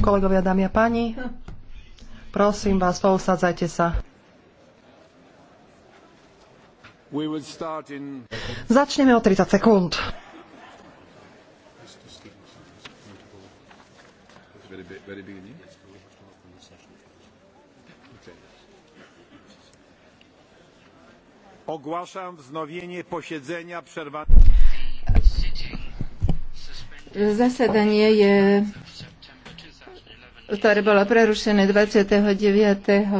Kolegovia, dámy a páni, prosím vás, pousadzajte sa. Začneme o 30 sekúnd. Ogłaszam wznowienie posiedzenia przerwanego. Zasadanie je ktoré bolo prerušené 29.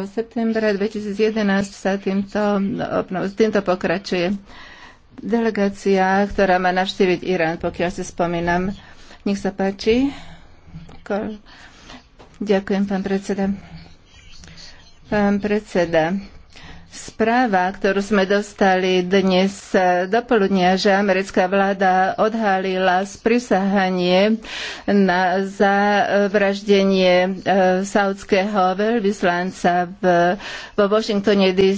septembra 2011, sa týmto, no, týmto pokračuje. Delegácia, ktorá má navštíviť Irán, pokiaľ si spomínam. Nech sa páči. Ďakujem, pán predseda. Pán predseda, Správa, ktorú sme dostali dnes e, poludnia, že americká vláda odhalila sprisahanie na zavraždenie e, saudského veľvyslanca v, vo Washingtone